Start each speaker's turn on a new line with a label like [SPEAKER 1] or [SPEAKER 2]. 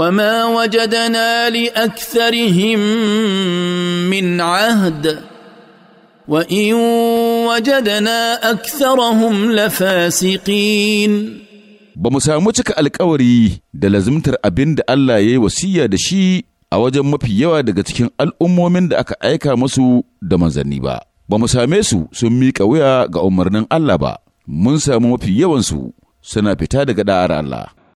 [SPEAKER 1] وما وجدنا لاكثرهم من
[SPEAKER 2] عهد وان وجدنا اكثرهم
[SPEAKER 3] لفاسقين ba mu samu cika alkawari da lazimtar abin da Allah ya yi wasiya da shi a wajen mafi yawa daga cikin al'ummomin da aka aika musu da manzanni ba, ba mu same su sun miƙa wuya ga umarnin Allah ba, mun samu mafi yawansu suna fita daga da'ar Allah.